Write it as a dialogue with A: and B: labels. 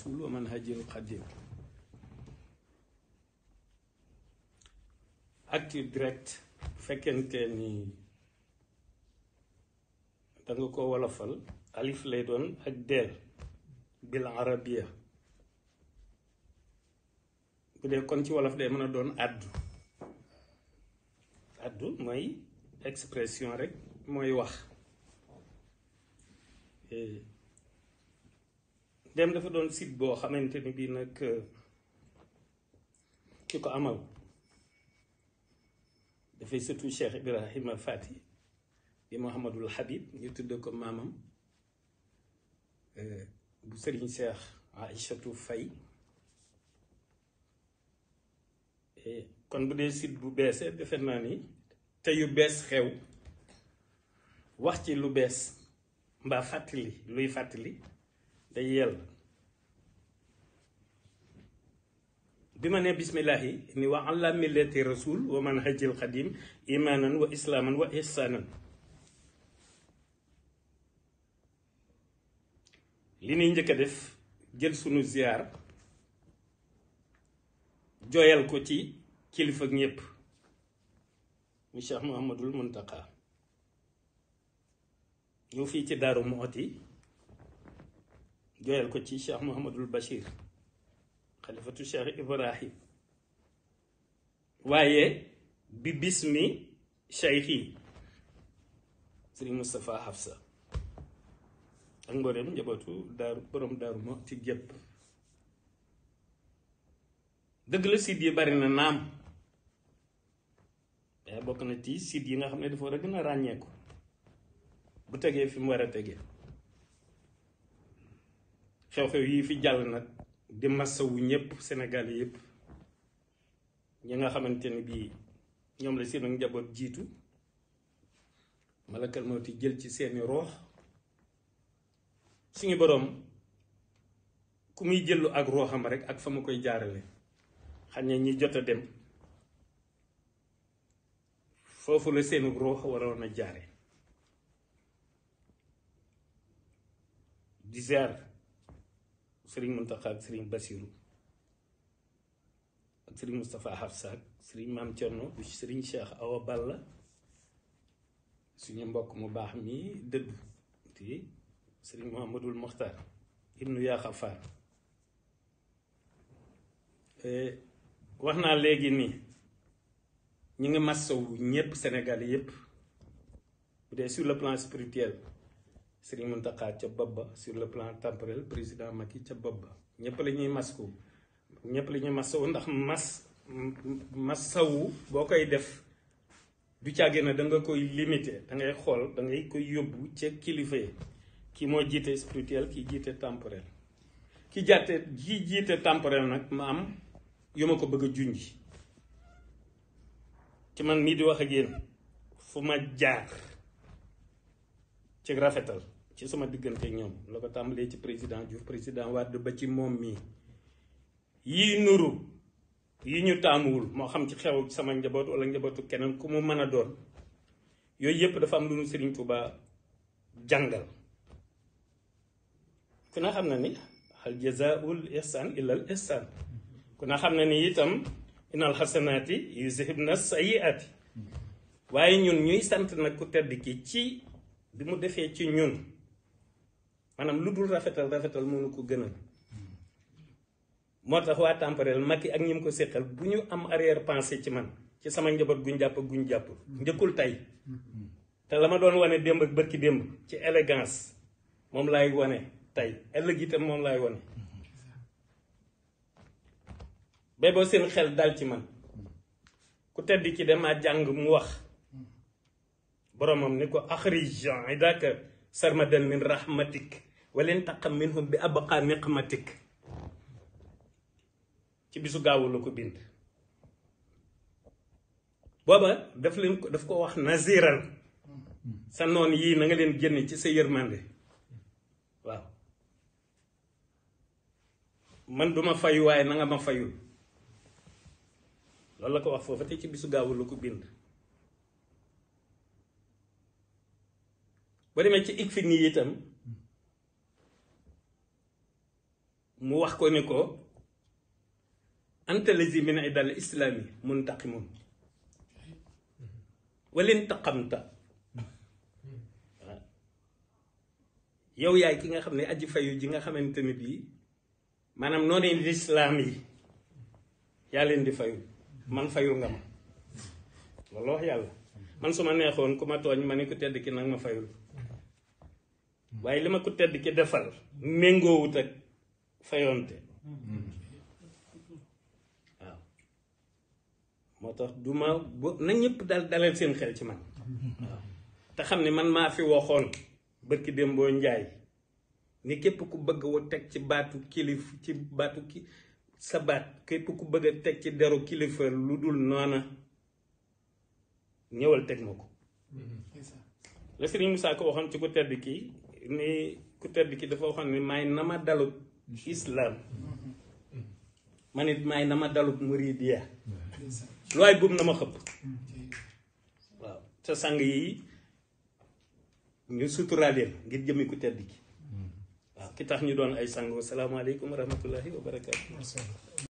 A: الرسول ومنهجه القديم active direct ak fekkente ni da nga ko wolofal alif lay doon ak deel bil arabia bu dee kon ci wolof day mën a doon addu addu mooy expression rek mooy wax eh. dem dafa doon sit boo xamante ni bii nag euh, ki ko amal dafay surtout Cheikh Ibrahima Fati di Mouhamadul Habib ñu tudd ko maamam euh, bu sëriñ Cheikh Aïchatou fay kon bu dee site bu beesee defe naa ni te yu bees xew wax ci lu bees mbaa fàttali luy fàttali day yell bi ma ne bismillahi ni wa ala millati rasul wa manhajil xadim imaanan wa islaaman wa ihsaanan li nuy njëkk a def jël sunu ziar jooyal ko ci kilifa ak ñépp mu Cheikh Muhammadul Muntaqa ñëw fii ci Daaru Muxti jooyal ko ci cheikh Mouhamadul Bachir xalifatu cheikh waaye bi bismi cheikhi Sëriñ Moustapha Hafsa ak mboolem njabootu daaru borom daaru ma ci gépp dëgg la siit yi bari na naam bokk na ci siit yi nga xam ne dafa war a gën a ràññeeku bu tegee fi mu war a tege xew-xew yi fi jàll nag di massawu ñëpp senegal yëpp ñi nga xamante ne bii ñoom la seen njaboot jiitu malakal mawti jël ci seeni roox suñu boroom ku muy jëlu ak rooxam rek ak fa mu koy jaarale xam ne ñi jot a dem foofu la seeni roox waroon a jaare di ziar sëriñ Muntaxa ak sëriñ Basiru ak sëriñ Moustapha Hafsa ak sëriñ Maam Cerno bu sëriñ Cheikh Awa Balla suñu mbokk mu baax mi dëdd te sëriñ Muhammadul Muxtaar ibnu yaa xafaar eh, wax naa léegi nii ñu ngi massawu ñépp Sénégal yépp bu dee sur le plan spirituel Serigne Mountakha ca bopp ba sur le plan temporel président Macky ca bopp ba ñëpp la ñuy masko ñëpp la ñuy ndax mas masawu boo koy def du càggee na danga koy limité dangay xool dangay koy yóbbu ca kilifa yi ki moo jiite spirituel ki jiite temporel ki jàtte ki jiite temporel nag ma am yu ma ko bëgg a junj ci man mii di wax a yéen fu ma jaar. ci rafetal ci sama diggante ñoom la ko tàmbalee ci président Diouf président Wade ba ci moom mii yi nuru yi ñu taamuwul moo xam ci xew sama njaboot walla njabootu keneen ku mu mën a doon yooyu yëpp dafa am lu nu Serigne Touba jàngal ku na xam na ni al jazaul ihsan illal ihsan na xam na ni itam inal xasanaati yuzhibna sayiati waaye ñun ñuy sant na ku tedd ki ci bi mu defee ci ñun maanaam lu dul rafetal rafetal mënu ko gënal moo tax waa temporel yi ak ñi mu ko séqal bu ñu am arrière pensée ci man ci sama njaboot guñ jàpp guñ jàpp njëkkul tey te la ma doon wane démb ak ki démb ci élégance moom lay wone tey ëllëg itam moom lay wane bay boo seen xel dal ci man ku tedd ci dama jàng mu wax boromam ni ko axrij idaka sarmadan min rahmatik waleen taqam minhum bi abqa niqmatik ci bisu gaawu la ko bind booba daf leen ko daf ko wax naziral sa noon yii na nga leen génne ci sa yërmande waaw man duma fayu waaye nanga nga ma fayul loolu la ko wax foofu te ci bisu gaawu la ko bind ba demee ci ik fi nii itam mu wax ko ni ko antalazi min idal islaami muntaqimun walin taqamta waaw yow yaay ki nga xam ne aji fayu ji nga xamante ne bii maanaam noo lislaam yi yaa leen di fayu man fayu nga ma loolu wax yàlla man su ma neexoon ku ma tooñ ma ne ko tedd ki nag ma fayul waaye li ma ko tedd ki defal méngoowut ak fayonte waaw moo tax du ma bu na ñëpp dal dalal seen xel ci man waaw te xam ne man maa fi waxoon bërki démboo njaay ni képp ku bëgg teg ci baatu kilif ci baatu ki sa baat képp ku bëgg teg ci deru kilifa lu dul noona ñëwal teg ma ko mm-hmm. la Sëriñ Musaa ko waxoon ci ko tedd kii ni ku tedd ki dafoo xam ne may na ma dalub islam manit nit may na ma dalub muridiya lu waay buum na ma xëpp waaw sa sang yi ñu suturaal ngir jëmmi ku tedd ki waaw ki tax ñu doon ay sang wa salaamu aleykum wa rahmatullahi